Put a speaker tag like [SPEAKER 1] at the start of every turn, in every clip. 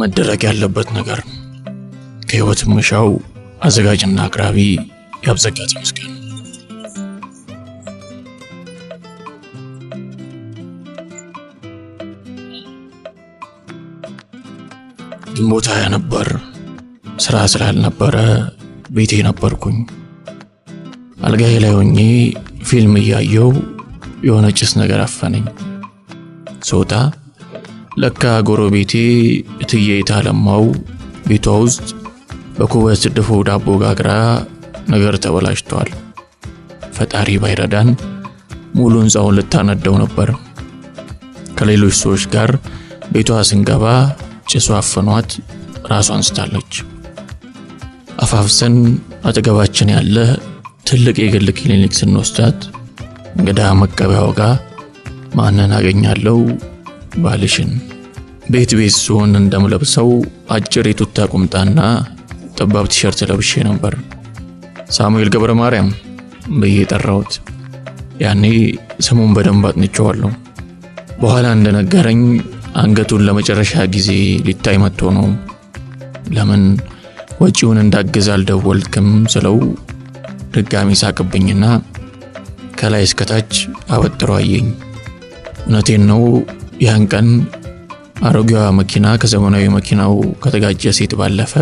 [SPEAKER 1] መደረግ ያለበት ነገር ከህይወት ምሻው አዘጋጅና አቅራቢ ያብዘጋ ተመስገን። ግንቦት ሃያ ነበር። ስራ ስላልነበረ ቤቴ ነበርኩኝ። አልጋዬ ላይ ሆኜ ፊልም እያየው የሆነ ጭስ ነገር አፈነኝ። ሶጣ ለካ ጎረቤቴ እትዬ ታለማው ቤቷ ውስጥ በኩበት ድፎ ዳቦ ጋግራ ነገር ተበላሽተዋል። ፈጣሪ ባይረዳን ሙሉ ሕንፃውን ልታነደው ነበር። ከሌሎች ሰዎች ጋር ቤቷ ስንገባ ጭሱ አፍኗት ራሷን አንስታለች። አፋፍሰን አጠገባችን ያለ ትልቅ የግል ክሊኒክ ስንወስዳት እንግዳ መቀበያው ጋር ማንን አገኛለው ባልሽን ቤት ቤት ስሆን እንደምለብሰው አጭር የቱታ ቁምጣና ጠባብ ቲሸርት ለብሼ ነበር። ሳሙኤል ገብረ ማርያም ብዬ ጠራሁት። ያኔ ስሙን በደንብ አጥንቼዋለሁ። በኋላ እንደነገረኝ አንገቱን ለመጨረሻ ጊዜ ሊታይ መጥቶ ነው። ለምን ወጪውን እንዳግዝ አልደወልክም ስለው ድጋሚ ሳቅብኝና ከላይ እስከታች አበጥሮ አየኝ። እውነቴን ነው ያን ቀን አሮጌዋ መኪና ከዘመናዊ መኪናው ከተጋጨ ሴት ባለፈ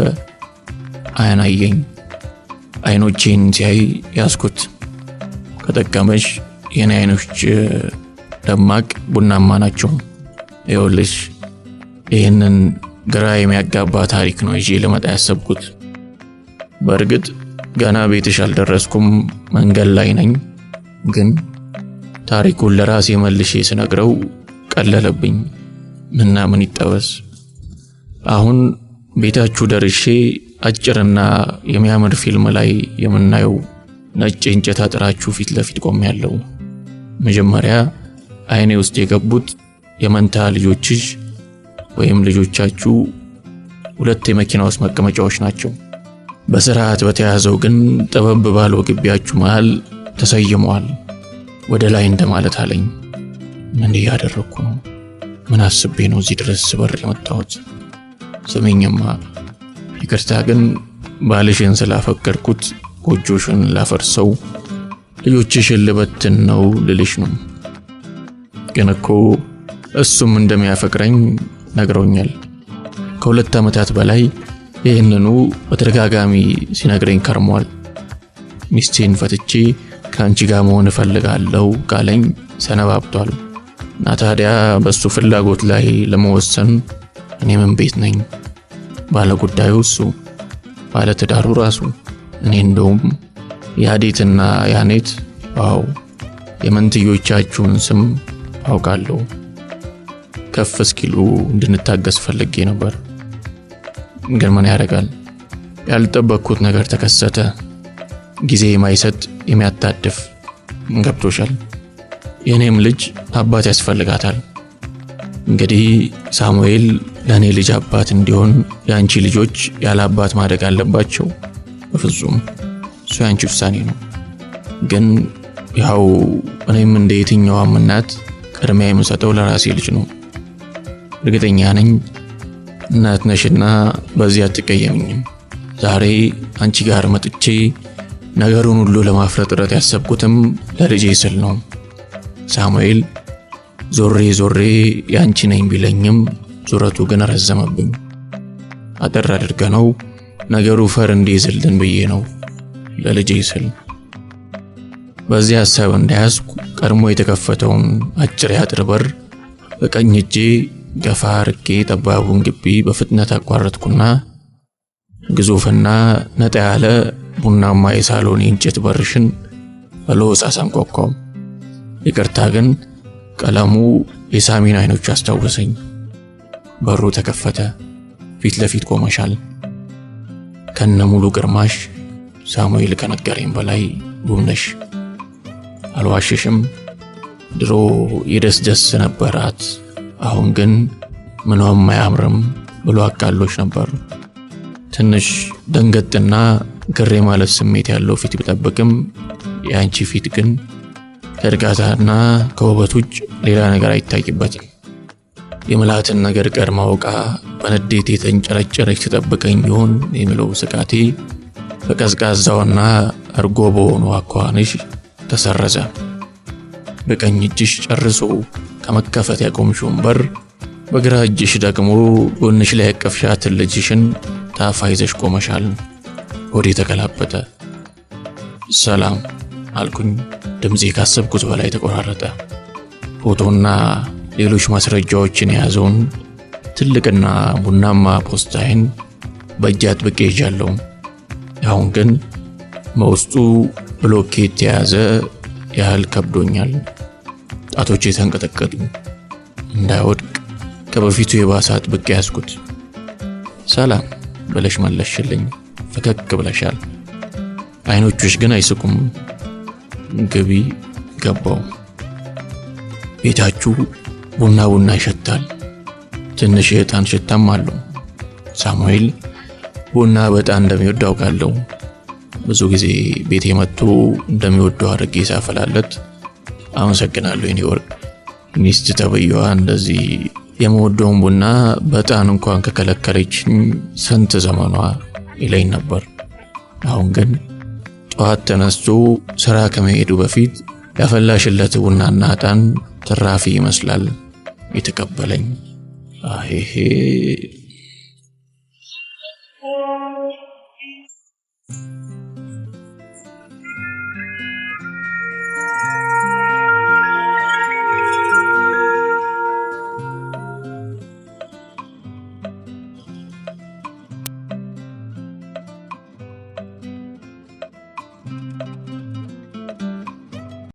[SPEAKER 1] አያናየኝ አይኖቼን ሲያይ ያስኩት ከጠቀመሽ የኔ አይኖች ደማቅ ቡናማ ናቸው። ይኸውልሽ ይህንን ግራ የሚያጋባ ታሪክ ነው እ ለመጣ ያሰብኩት። በእርግጥ ገና ቤትሽ አልደረስኩም፣ መንገድ ላይ ነኝ። ግን ታሪኩን ለራሴ መልሼ ስነግረው ቀለለብኝ። ምና ምን ይጠበስ። አሁን ቤታችሁ ደርሼ አጭርና የሚያምር ፊልም ላይ የምናየው ነጭ እንጨት አጥራችሁ ፊት ለፊት ቆም ያለው መጀመሪያ አይኔ ውስጥ የገቡት የመንታ ልጆችሽ ወይም ልጆቻችሁ ሁለት የመኪና ውስጥ መቀመጫዎች ናቸው። በስርዓት በተያዘው ግን ጠበብ ባለው ግቢያችሁ መሃል ተሰይመዋል። ወደ ላይ እንደማለት አለኝ። ምን እያደረግኩ ነው? ምን አስቤ ነው እዚህ ድረስ በር የመጣሁት? ስሚኝማ፣ ይቅርታ ግን ባልሽን ስላፈቀድኩት ጎጆሽን ላፈርሰው፣ ልጆችሽን ልበትን ነው ልልሽ ነው። ግን እኮ እሱም እንደሚያፈቅረኝ ነግረውኛል። ከሁለት ዓመታት በላይ ይህንኑ በተደጋጋሚ ሲነግረኝ ከርሟል። ሚስቴን ፈትቼ ከአንቺ ጋር መሆን እፈልጋለሁ ካለኝ ሰነባብቷል። እና ታዲያ በሱ ፍላጎት ላይ ለመወሰን እኔ ምን ቤት ነኝ? ባለ ጉዳዩ እሱ፣ ባለ ትዳሩ ራሱ። እኔ እንደውም ያዴትና ያኔት አዎ የመንትዮቻችሁን ስም አውቃለሁ ከፍ እስኪሉ እንድንታገስ ፈልጌ ነበር። ግን ምን ያደርጋል፣ ያልጠበቅኩት ነገር ተከሰተ። ጊዜ የማይሰጥ የሚያታድፍ ገብቶሻል። የእኔም ልጅ አባት ያስፈልጋታል። እንግዲህ ሳሙኤል ለእኔ ልጅ አባት እንዲሆን የአንቺ ልጆች ያለ አባት ማደግ አለባቸው? በፍጹም እሱ የአንቺ ውሳኔ ነው። ግን ያው እኔም እንደ የትኛዋም እናት ቅድሚያ የምሰጠው ለራሴ ልጅ ነው። እርግጠኛ ነኝ እናት ነሽና በዚህ አትቀየምኝም። ዛሬ አንቺ ጋር መጥቼ ነገሩን ሁሉ ለማፍረጥረት ያሰብኩትም ለልጄ ስል ነው። ሳሙኤል ዞሬ ዞሬ ያንቺ ነኝ ቢለኝም ዙረቱ ግን ረዘመብኝ። አጠር አድርገ ነው ነገሩ ፈር እንዲይዝልን ብዬ ነው ለልጄ ስል በዚህ ሐሳብ እንዳያዝኩ ቀድሞ የተከፈተውን አጭር የአጥር በር በቀኝ እጄ ገፋ አርጌ ጠባቡን ግቢ በፍጥነት አቋረጥኩና ግዙፍና ነጣ ያለ ቡናማ የሳሎን የእንጨት በርሽን በሎሳ ሳንኳኳው። ይቅርታ ግን ቀለሙ የሳሚን አይኖች አስታወሰኝ። በሩ ተከፈተ። ፊት ለፊት ቆመሻል ከነ ሙሉ ግርማሽ። ሳሙኤል ከነገረኝ በላይ ጉምነሽ አልዋሽሽም። ድሮ የደስ ደስ ነበራት፣ አሁን ግን ምኗም አያምርም ብሎ አቃሎች ነበር። ትንሽ ደንገጥና ግሬ ማለት ስሜት ያለው ፊት ቢጠብቅም! የአንቺ ፊት ግን ከእርጋታና ከውበት ውጭ ሌላ ነገር አይታይበትም። የምልሃትን ነገር ቀድማ አውቃ በንዴት የተንጨረጨረች ትጠብቀኝ ይሆን የሚለው ስጋቴ በቀዝቃዛውና እርጎ በሆኑ አኳንሽ ተሰረዘ። በቀኝ እጅሽ ጨርሶ ከመከፈት ያቆምሽውን በር በግራ እጅሽ ደግሞ ጎንሽ ላይ ያቀፍሻትን ልጅሽን ታፋ ይዘሽ ቆመሻል። ሆዴ ተገላበጠ። ሰላም አልኩኝ። ድምፄ ካሰብኩት በላይ ተቆራረጠ። ፎቶና ሌሎች ማስረጃዎችን የያዘውን ትልቅና ቡናማ ፖስታይን በእጅ አጥብቄ ይዣለሁ። አሁን ግን በውስጡ ብሎኬት የያዘ ያህል ከብዶኛል። ጣቶቼ ተንቀጠቀጡ። እንዳይወድቅ ከበፊቱ የባሰ አጥብቄ ያዝኩት። ሰላም ብለሽ መለሽልኝ። ፈገግ ብለሻል። አይኖችሽ ግን አይስቁም። ግቢ ገባው። ቤታችሁ ቡና ቡና ይሸታል። ትንሽ የእጣን ሽታም አለው። ሳሙኤል ቡና በጣም እንደሚወድ አውቃለሁ። ብዙ ጊዜ ቤቴ መጥቶ እንደሚወደው አድርጌ ሳፈላለት፣ አመሰግናለሁ የኔ ወርቅ ሚስት ተብዬዋ እንደዚህ የመወደውን ቡና በጣን እንኳን ከከለከለችኝ ስንት ዘመኗ ይለኝ ነበር። አሁን ግን ጠዋት ተነስቶ ስራ ከመሄዱ በፊት ያፈላሽለት ቡናና እጣን ትራፊ ይመስላል የተቀበለኝ። አሄሄ